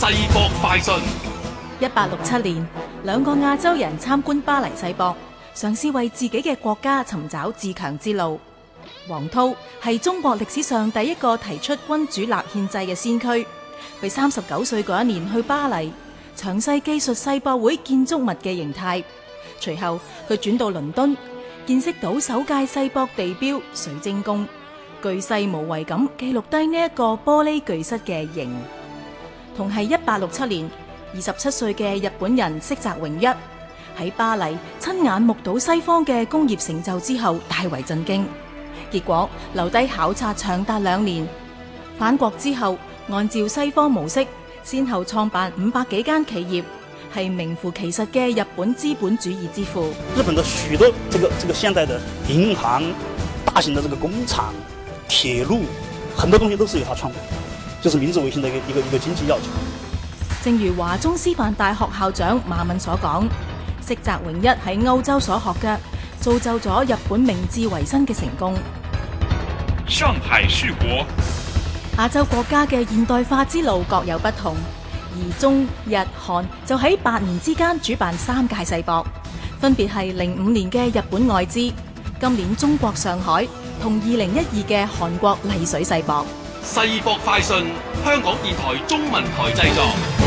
世博快訊：一八六七年，兩個亞洲人參觀巴黎世博，嘗試為自己嘅國家尋找自強之路。王韜係中國歷史上第一個提出君主立憲制嘅先驅。佢三十九歲嗰一年去巴黎，詳細記述世博會建築物嘅形態。隨後佢轉到倫敦，見識到首屆世博地標水晶宮，巨細無遺咁記錄低呢一個玻璃巨室嘅形。同係一八六七年，二十七歲嘅日本人澀澤榮一喺巴黎親眼目睹西方嘅工業成就之後，大為震驚，結果留低考察長達兩年。返國之後，按照西方模式，先後創辦五百幾間企業，係名副其實嘅日本資本主義之父。日本的許多這個這個現代的銀行、大型的這個工廠、鐵路，很多東西都是由他創。就是明治維新嘅一個一個經濟要求。正如華中師範大學校長馬敏所講，澀澤榮一喺歐洲所學嘅，造就咗日本明治維新嘅成功。上海世博，亞洲國家嘅現代化之路各有不同，而中日韓就喺八年之間主辦三屆世博，分別係零五年嘅日本愛知、今年中國上海同二零一二嘅韓國麗水世博。世博快訊，香港電台中文台製作。